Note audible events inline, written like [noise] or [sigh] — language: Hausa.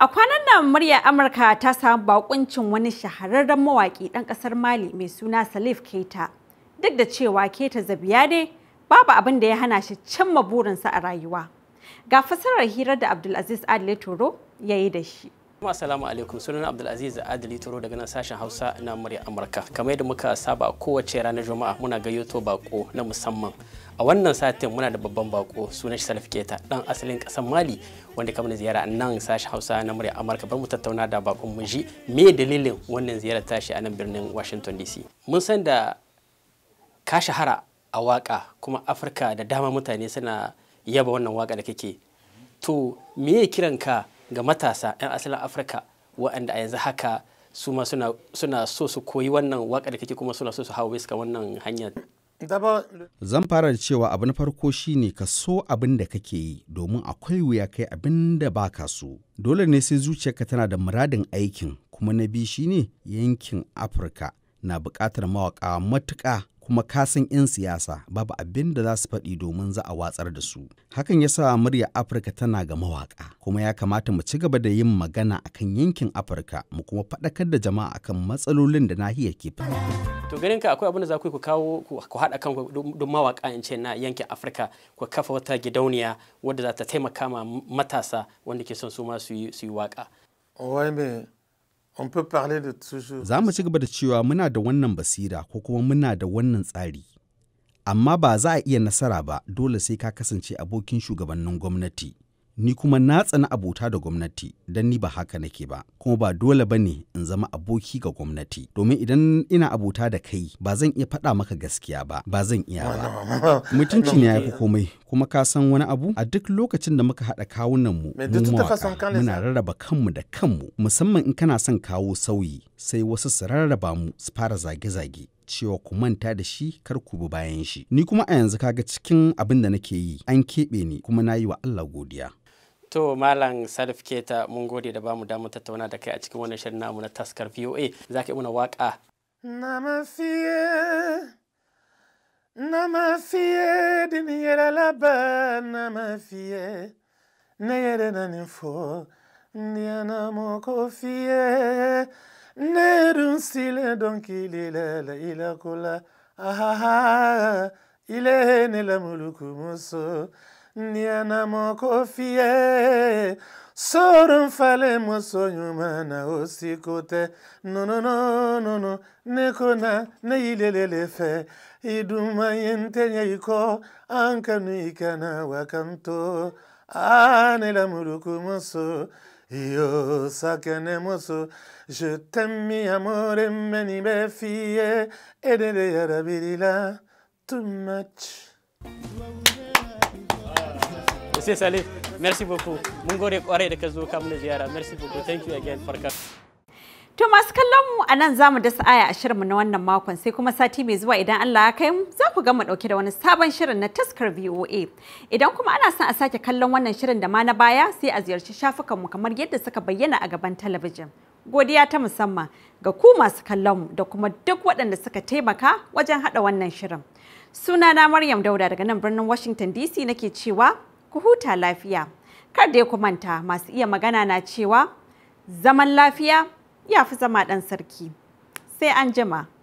A kwanan nan muryar Amurka ta samu bakuncin wani shahararren mawaƙi ɗan ƙasar Mali mai suna Salif Keita. Duk da cewa Keita zabiya ne babu abin da ya hana shi cimma burinsa a rayuwa. Ga fasarar hirar da Abdulaziz Adle Toro ya yi da shi. Assalamu alaikum sunan Abdulaziz Adili Turo daga nan sashen Hausa na murya Amurka. Kamar yadda muka saba kowace ranar Juma'a muna gayyato bako na musamman. A wannan satin muna da babban bako sunan shi Salif Keta dan asalin kasar Mali wanda kamar ziyara nan sashen Hausa na murya Amurka bar mu tattauna da bakon mu ji me dalilin wannan ziyarar tashi a nan birnin Washington DC. Mun san da ka shahara a waka kuma Afirka da dama mutane suna yaba wannan waka da kake. To me kiranka kiran ka ga matasa 'yan asalin afirka waɗanda a yanzu haka su ma suna so su koyi wannan waƙa da kake kuma suna so su hawa bisa wannan hanyar zan fara da cewa abu na farko shine ka so abin da kake yi domin akwai wuya kai abin da ba ka so dole ne sai zuciyarka tana da muradin aikin kuma na biyu shine yankin afirka na buƙatar mawaƙa matuƙa kuma kasan 'yan siyasa babu abin da za su faɗi domin za a watsar da su hakan ya sa murya afirka tana ga mawaƙa kuma ya kamata mu ci gaba da yin magana a kan yankin afirka mu kuma faɗakar da jama'a akan matsalolin da nahiyar ke fama to ganin ka akwai abin da za ku ku kawo ku haɗa kan don mawaƙa in ce na yankin afirka ku kafa wata gidauniya wadda za ta taimaka ma matasa wanda ke son su ma su yi waƙa. Za mu ci gaba da cewa muna da wannan basira ko kuma muna da wannan tsari. Amma ba za a iya nasara ba dole sai ka kasance abokin shugabannin gwamnati. Ni kuma na tsana abota da gwamnati don ni ba haka nake ba, kuma ba dole ba ne in zama aboki ga gwamnati. Domin idan ina abota da kai ba zan iya faɗa maka gaskiya ba, ba zan iya ba. [laughs] Mutunci ne ya fi komai kuma ka san wani abu a duk lokacin da muka haɗa kawunan mu muna rarraba kanmu da kanmu musamman in kana son kawo sauyi sai wasu su rarraba mu su fara zage-zage cewa ku manta da shi kar ku bi bayan shi ni kuma a yanzu kaga cikin abin da nake yi an keɓe ni kuma na yi wa Allah godiya To Malam Salif Keta mun gode da bamu damu tattauna da kai a cikin wannan shirin namu na taskar VOA za ka yi muna waka. Na mafiye na mafie dini yɛrɛ laban na mafie ne yɛrɛ na nin fɔ ndiana mɔgɔ fie ne dun silen dɔnkili la la ilakola ahaha ah, ile ne lamuluku muso niana mokofie soro mfale mosonyuma na usiku te nononononu nekona neilelelefe idumaye ntenye iko ankanu ikana wakanto anela muruku moso Yo sakene moso, je t'aime mi amore meni be fie, edele yarabirila, too much. Merci merci beaucoup. Mun gode kwarai da ka zo ziyara. Merci beaucoup. Thank you again for coming. To masu kallon mu a nan zamu dasa aya a mu na wannan makon sai kuma sati mai zuwa idan Allah ya kai mu za ku ga mu dauke da wani sabon shirin na taskar VOA. Idan kuma ana son a sake kallon wannan shirin da ma na baya sai a ziyarci shafukanmu kamar yadda suka bayyana a gaban talabijin. Godiya ta musamman ga ku masu kallon mu da kuma duk waɗanda suka taimaka wajen haɗa wannan shirin. Sunana Maryam Dauda daga nan birnin Washington DC nake cewa ku huta lafiya. Kar da ku manta masu iya magana na cewa zaman lafiya ya fi zama ɗan sarki. Sai an jima.